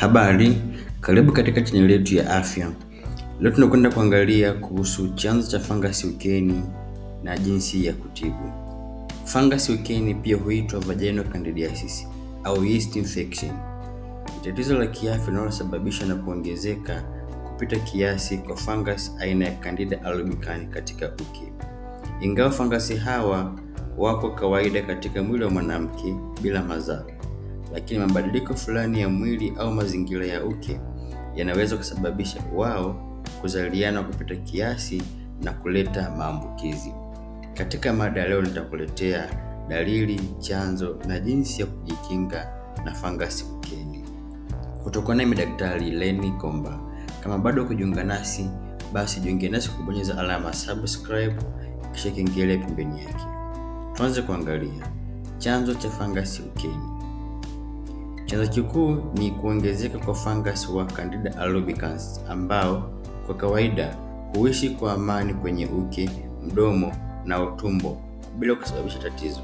Habari, karibu katika chaneli yetu ya afya. Leo tunakwenda kuangalia kuhusu chanzo cha fangasi ukeni na jinsi ya kutibu. Fangasi ukeni pia huitwa vaginal candidiasis au yeast infection. Tatizo la kiafya linalosababishwa na kuongezeka kupita kiasi kwa fungus aina ya Candida albicans katika uke. Ingawa fangasi hawa wako kawaida katika mwili wa mwanamke bila mazao lakini mabadiliko fulani ya mwili au mazingira ya uke yanaweza kusababisha wao kuzaliana kupita kiasi na kuleta maambukizi. Katika mada leo, nitakuletea dalili, chanzo na jinsi ya kujikinga na fangasi ukeni. Kutoka nami Daktari leni Komba. Kama bado kujiunga nasi, basi jiunge nasi kubonyeza alama subscribe kisha kengele pembeni yake. Tuanze kuangalia chanzo cha fangasi ukeni. Chanzo kikuu ni kuongezeka kwa fungus wa Candida albicans ambao kwa kawaida huishi kwa amani kwenye uke, mdomo na utumbo bila kusababisha tatizo.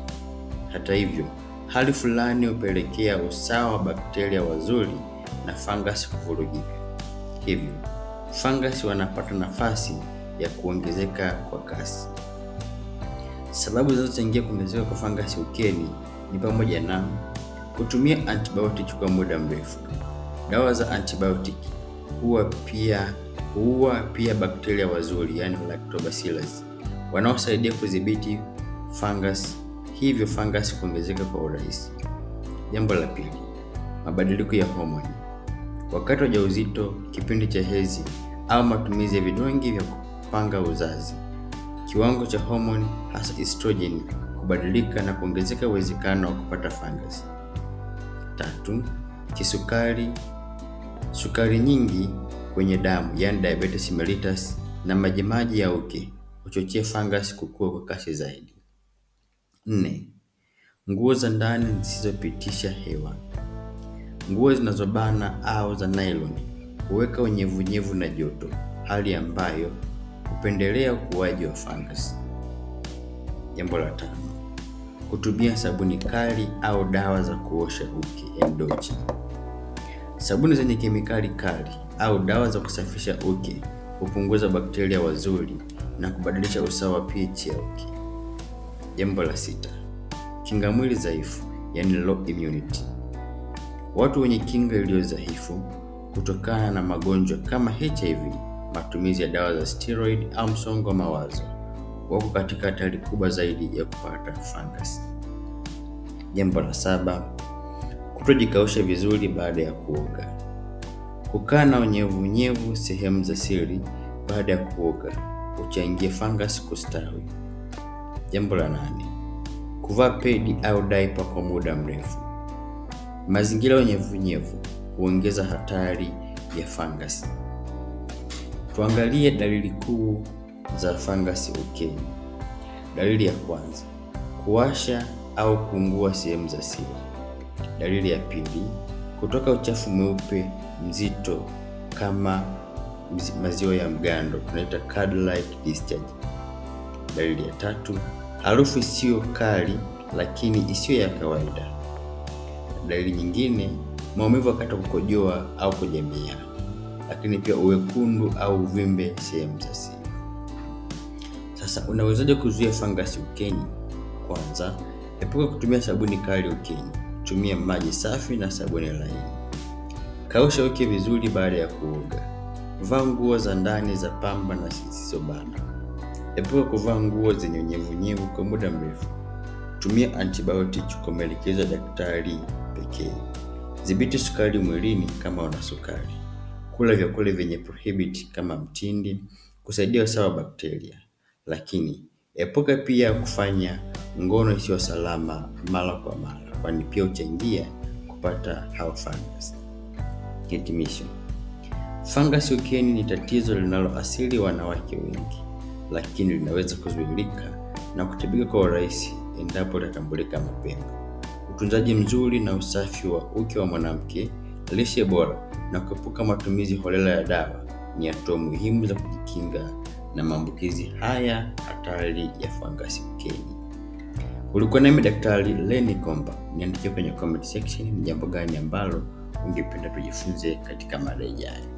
Hata hivyo, hali fulani hupelekea usawa wa bakteria wazuri na fungus kuvurugika. Hivyo, fungus wanapata nafasi ya kuongezeka kwa kasi. Sababu zinazochangia kuongezeka kwa fangasi ukeni ni pamoja na Kutumia antibiotic kwa muda mrefu. Dawa za antibiotic huwa pia huwa pia bakteria wazuri, yani lactobacillus, wanaosaidia kudhibiti fungus, hivyo fungus kuongezeka kwa urahisi. Jambo la pili, mabadiliko ya homoni. Wakati wa ujauzito, kipindi cha hedhi au matumizi ya vidonge vya kupanga uzazi, kiwango cha homoni hasa estrogen kubadilika na kuongezeka uwezekano wa kupata fungus. Tatu, kisukari, sukari nyingi kwenye damu yani diabetes mellitus na majimaji ya uke huchochea fungus kukua kwa kasi zaidi. Nne, nguo za ndani zisizopitisha hewa. Nguo zinazobana au za nylon huweka unyevunyevu na joto, hali ambayo hupendelea ukuaji wa fungus. Jambo la tano Kutumia sabuni kali au dawa za kuosha uke endochi. Yaani sabuni zenye kemikali kali au dawa za kusafisha uke hupunguza bakteria wazuri na kubadilisha usawa wa pH ya uke. Jambo la sita, kinga mwili dhaifu, yani low immunity. Watu wenye kinga iliyo dhaifu kutokana na magonjwa kama HIV, matumizi ya dawa za steroid au msongo wa mawazo wako katika hatari kubwa zaidi ya kupata fangasi. Jambo la saba, kutojikausha vizuri baada ya kuoga. Kukaa na unyevu unyevu sehemu za siri baada ya kuoga huchangia fangasi kustawi. Jambo la nane, kuvaa pedi au daipa kwa muda mrefu. Mazingira ya unyevunyevu huongeza hatari ya fangasi. Tuangalie dalili kuu za fangasi ukeni. Dalili ya kwanza, kuwasha au kuungua sehemu za siri. Dalili ya pili, kutoka uchafu mweupe mzito kama maziwa ya mgando, tunaita curd like discharge. Dalili ya tatu, harufu isiyo kali lakini isiyo ya kawaida. Dalili nyingine, maumivu wakati wa kukojoa au kujamia lakini pia uwekundu au uvimbe sehemu za siri. Sasa unawezaje kuzuia fangasi ukeni? Kwanza, epuka kutumia sabuni kali ukeni, Tumia maji safi na sabuni laini. Kausha uke vizuri baada ya kuoga. Vaa nguo za ndani za pamba na zisizobana. Epuka kuvaa nguo zenye unyevunyevu kwa muda mrefu. Tumia antibiotic kwa maelekezo ya daktari pekee. Dhibiti sukari mwilini kama una sukari. Kula vyakula vyenye prohibit kama mtindi kusaidia usawa wa bakteria lakini epuka pia kufanya ngono isiyo salama mara kwa mara, kwani pia huchangia kupata hao fungus. Hitimisho, fungus ukeni ni tatizo linaloasili wanawake wengi, lakini linaweza kuzuilika na kutibika kwa urahisi endapo litatambulika mapema. Utunzaji mzuri na usafi wa uke wa mwanamke, lishe bora na kuepuka matumizi holela ya dawa ni hatua muhimu za kujikinga na maambukizi haya hatari ya fangasi ukeni. Ulikuwa nami Daktari Lenny Komba. Niandikie kwenye comment section ni jambo gani ambalo ungependa tujifunze katika mada ijayo.